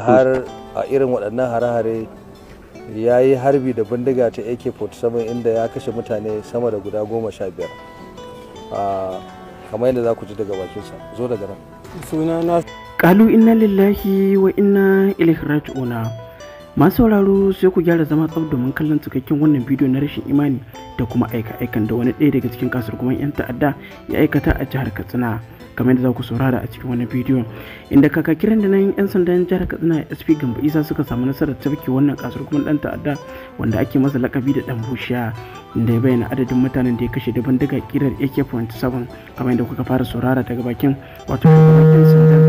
har a irin waɗannan hare-hare ya yi harbi da bindiga ta ak-47 inda ya kashe mutane sama da guda goma sha biyar ah, kamar yadda za ku ji daga bakinsa zo daga nan suna na kalu inna lillahi wa inna ilaihi raji'una masu sauraro sai ku gyara zama tsaf domin kallon cikakken wannan bidiyo na rashin imani da kuma aika-aikan da wani ɗaya daga cikin kasurguman 'yan ta'adda ya aikata a jihar katsina kamar yadda za ku saurara a cikin wannan bidiyo. inda kiran da nan 'yan sandan jihar katsina sp gamba isa suka samu nasarar tafke wannan kasurguman ɗan ta'adda wanda ake masa lakabi da ɗan bushiya inda ya bayyana adadin mutanen da ya kashe da daga kirar ak-47 kamar yadda kuka fara saurara daga bakin wato sandan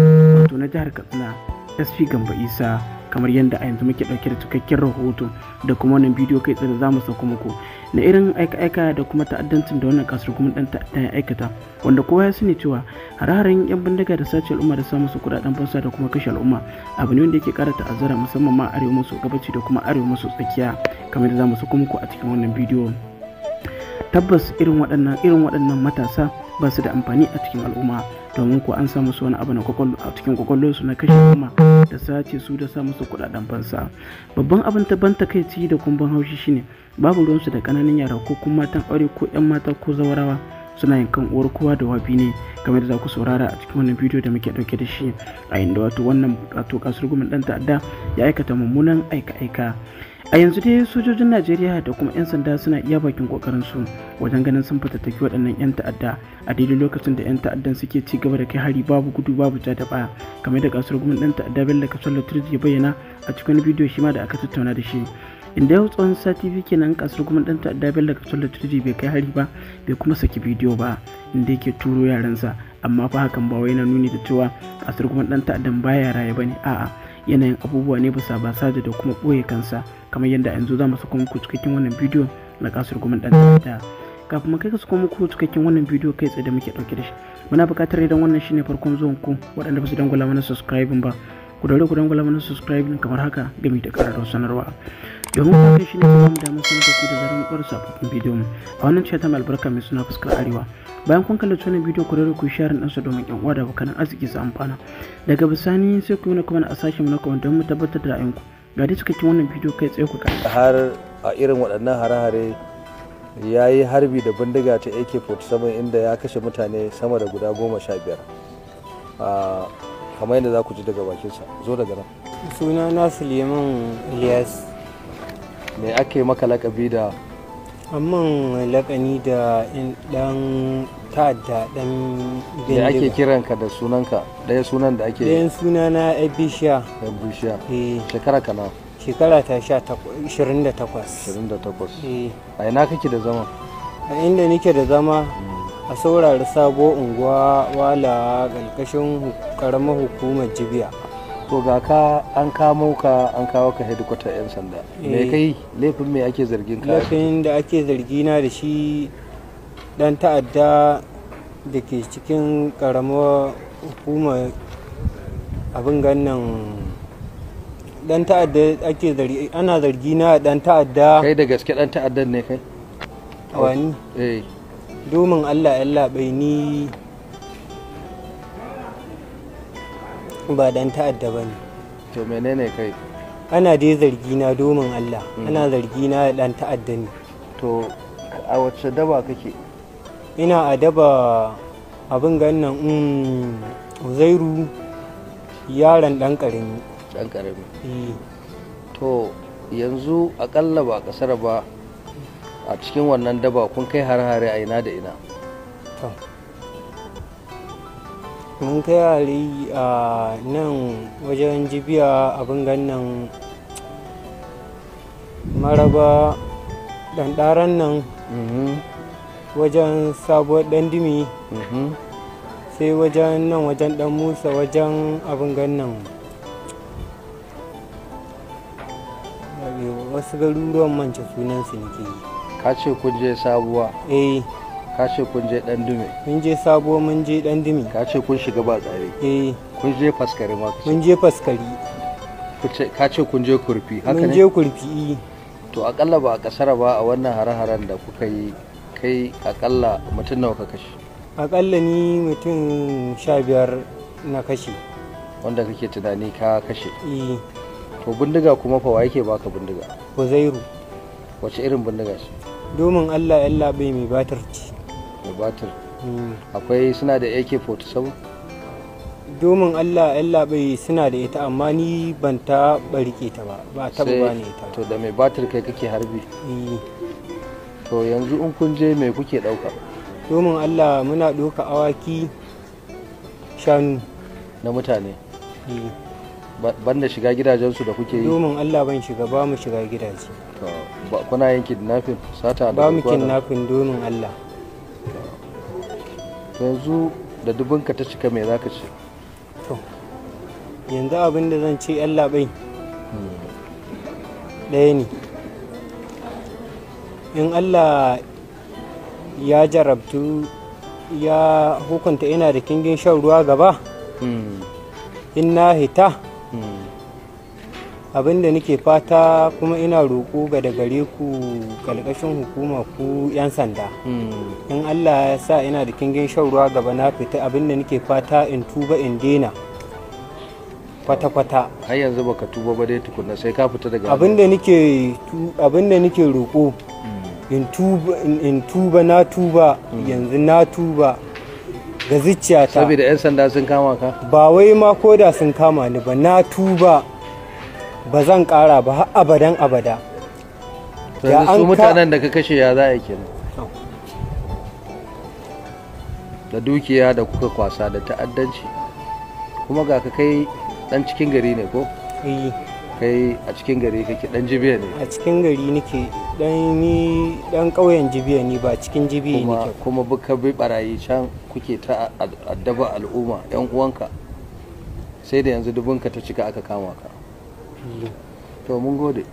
wato na jihar katsina sp gamba isa kamar yadda a yanzu muke ɗauke da cikakken rahoto da kuma wannan bidiyo kai tsaye za mu sauko muku na irin aika-aika da kuma ta'addancin da wannan kasar kuma ɗan ta'adda aikata wanda kowa ya sani cewa hare-haren yan bindiga da sace al'umma da samun su kuɗaɗen fansa da kuma kashe al'umma abu ne wanda yake kara ta'azzara musamman ma arewa maso gabaci da kuma arewa maso tsakiya kamar da za mu sauko muku a cikin wannan bidiyo tabbas irin waɗannan irin waɗannan matasa ba su da amfani a cikin al'umma domin ko an samu su wani abu na a cikin su na kashe kuma da sace su da samu su kudaden fansa babban abin ta ban takaici da kumban haushi shine babu ruwansu da kananan yara ko kuma matan aure ko yan mata ko zawarawa suna yin kan uwar kowa da wabi ne game da za ku saurara a cikin wannan bidiyo da muke dauke da shi a inda wato wannan wato gumin dan ta'adda ya aikata mummunan aika-aika a yanzu dai sojojin najeriya da kuma 'yan sanda suna iya bakin kokarin su wajen ganin sun fatattaki waɗannan 'yan ta'adda a daidai lokacin da 'yan ta'addan suke ci gaba da kai hari babu gudu babu ja da baya kamar da kasuwar gumin ɗan ta'adda bello kasuwar latirji ya bayyana a cikin bidiyo shi ma da aka tattauna da shi inda yau tsawon sati biyu kenan kasar gumin dan ta'adda bello kasuwar latirji bai kai hari ba bai kuma saki bidiyo ba inda yake turo yaransa amma fa hakan ba wai yana nuni da cewa kasar gumin dan ta'addan baya raye bane a'a yanayin abubuwa ne bisa ba sada da kuma ɓoye kansa kamar yadda yanzu za mu saka muku cikakken wannan bidiyo na kasar gumin dan kafin mu kai ka saka muku cikakken wannan bidiyo kai tsaye da muke ɗauke da shi muna buƙatar idan wannan shine farkon zuwan ku waɗanda ba su dangula mana subscribe ba ku daure ku dangula mana subscribe kamar haka gami da ƙararrawar sanarwa domin kafin shi ne kuma mu damar sanar da ku da zarar mu su a bidiyo bidiyon a wannan cewa ta mai albarka mai suna fuskar arewa bayan kun kalli wannan bidiyo ku rarra ku share ɗansa domin yan uwa da abokan arziki su amfana daga bisani sai ku yi na kuma na asashen na kuma don mu tabbatar da ra'ayinku ga dai cikakken wannan bidiyo kai tsaye ku kan har a irin waɗannan hare-hare ya yi harbi da bindiga ta ak-47 inda ya kashe mutane sama da guda goma sha biyar kamar yadda za ku ji daga bakinsa zo daga nan suna na liman ilyas me ake maka lakabi da amman lakani da dan ta'adda dan me ake kiranka da sunanka daya sunan da ake dayan sunana ebisha ebisha shekara kana shekara ta 28 28 eh. a ina kake da zama a inda nake da zama hmm. a saurari sabo unguwa wala ƙarƙashin karamar hukumar jibiya to ga ka an kamo ka an kawo ka hedikwata 'yan sanda me eh. kai laifin me ake zargin ka laifin da ake zargi na da shi dan ta'adda da ke cikin karamar hukumar abin gannan dan ta'adda ake zargi ana na dan ta'adda kai da gaske dan ta'addan ne kai wani eh domin Allah ya labai ni ba dan ta'adda ba ne to menene kai ana dai zargi na domin allah mm. ana zargi na dan ta'adda ne to a wacce daba kake ina a daba abin gannan mm, zairu yaron dan karimi dan karami eh. to yanzu akalla ba kasar ba a cikin wannan daba kun kai har-hare a ina da ina mun kai hari a nan wajen jibiya abin gannan maraba ɗanɗaran nan mm-hmm. wajen sabuwar ɗandimi mm-hmm. sai wajen nan wajen ɗan musa wajen abin gannan wasu garuruwan manca sunan su nake ka ce kun je sabuwa eh ka ce kun je dan dume mun je sabo mun je dan dume ka ce kun shiga ba tsare eh kun je faskari ma mun je faskari ka ce kun je kurfi haka ne mun je kurfi eh. to akalla ba a kasara ba a wannan hare-haren da kuka yi kai akalla mutum nawa ka kashe akalla ni mutum sha biyar na kashe wanda kake tunani ka kashe eh to bindiga kuma fa wa yake baka bindiga ko zairu wace irin bindiga ce domin allah yalla bai mai batar da hmm. akwai suna da ak-47 domin allah bai suna da ita amma ni ban ta barike ta ba ba ta ba ne ta to da mai batir kai kake harbi eh. to yanzu in kun je mai kuke dauka domin allah muna doka awaki shanu na mutane eh. banda shiga gidajensu da kuke yi domin allah ban shiga ba mu shiga gidaje kuna yin kidnapping sata da ba mu kidnapping domin allah yanzu da dubinka ta cika mai zaka ce to yanzu abin da zan ce yan labai ɗaya ne in allah ya jarabtu ya hukunta ina da kingin shan ruwa gaba hmm. in na hita abin da nake fata kuma ina roƙo ga da gare ku ƙarƙashin hukuma ku 'yan sanda hmm. in allah ya sa ina da kingin shan ruwa gaba na fita abin da nake fata in tuba in dena kwata-kwata har yanzu baka tuba ba dai tukuna, sai ka fita daga abin da nake abin da nake roƙo hmm. in tuba in tuba na tuba hmm. yanzu na tuba ga zuciyata saboda 'yan sanda sun kama ka ba wai ma koda sun kama ni ba na tuba ba zan ƙara ba har abadan abada ya an mutanen da ka kashe ya za a kenan da dukiya da kuka kwasa da ta'addanci kuma ga ka kai dan cikin gari ne ko? Eh. kai a cikin gari kake dan jibiya ne a cikin gari nake dan ni dan ƙauyen jibiya ne ba cikin jibiya nake kuma buka bi barayi can kuke ta addaba al'umma yan uwanka sai da yanzu dubunka ta cika aka kama ka to mun gode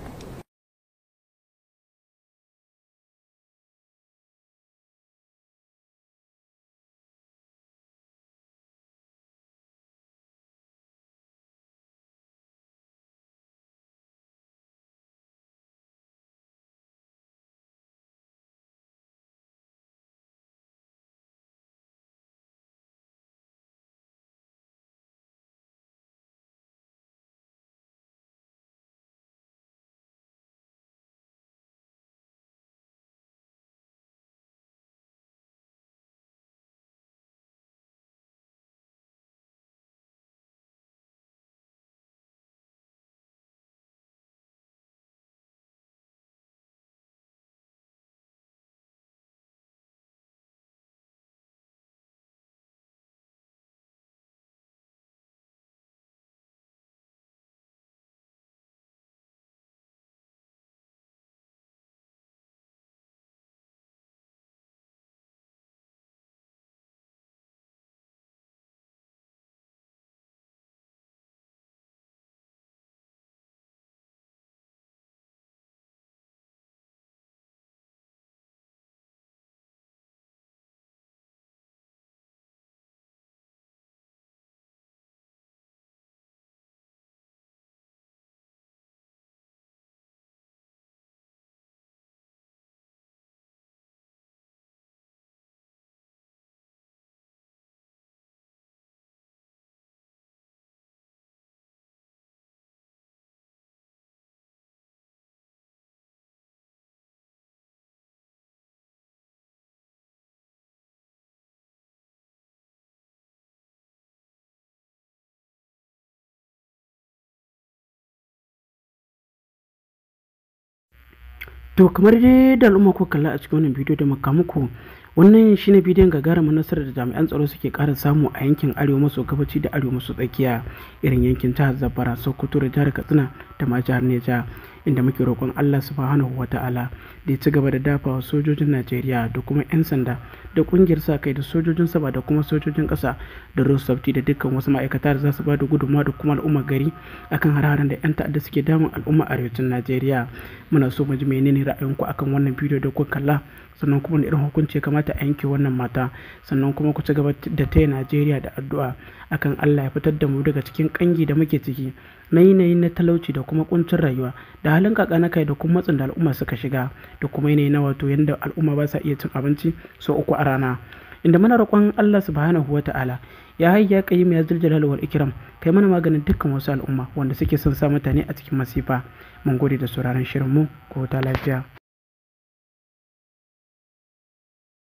to kamar dai da al'umma ko kalla a cikin wannan bidiyo da muku wannan shi shine bidiyon gagarumin nasarar da jami'an tsaro suke ƙara samu a yankin arewa maso gabaci da arewa maso tsakiya irin yankin jihar zabara sokoto da jihar katsina da ma jihar neja inda muke roƙon Allah subhanahu wa ta'ala da ya ci gaba da dafa sojojin Najeriya da kuma 'yan sanda da ƙungiyar sa kai da sojojin sama da kuma sojojin ƙasa da Rosafti da dukkan wasu ma'aikata da za su ba da gudunmawa da kuma al'umma gari akan har-haren da 'yan ta'adda suke damun al'umma arewacin Najeriya muna so mu ji menene ra'ayinku akan wannan bidiyo da kuka kalla sannan kuma irin hukunci kamata a yanke wannan mata sannan kuma ku ci gaba da taya najeriya da addu'a akan allah ya fitar da mu daga cikin kangi da muke ciki na yanayi na talauci da kuma kuncin rayuwa da halin kaka na kai da kuma matsin da al'umma suka shiga da kuma yanayi na wato yadda al'umma ba sa iya cin abinci sau uku a rana inda muna roƙon Allah subhanahu wa ta'ala ya hayya qayyim ya zul jalal wal ikram kai mana maganin dukkan wasu al'umma wanda suke son sa mutane a cikin masifa mun gode da sauraron shirin mu ko ta lafiya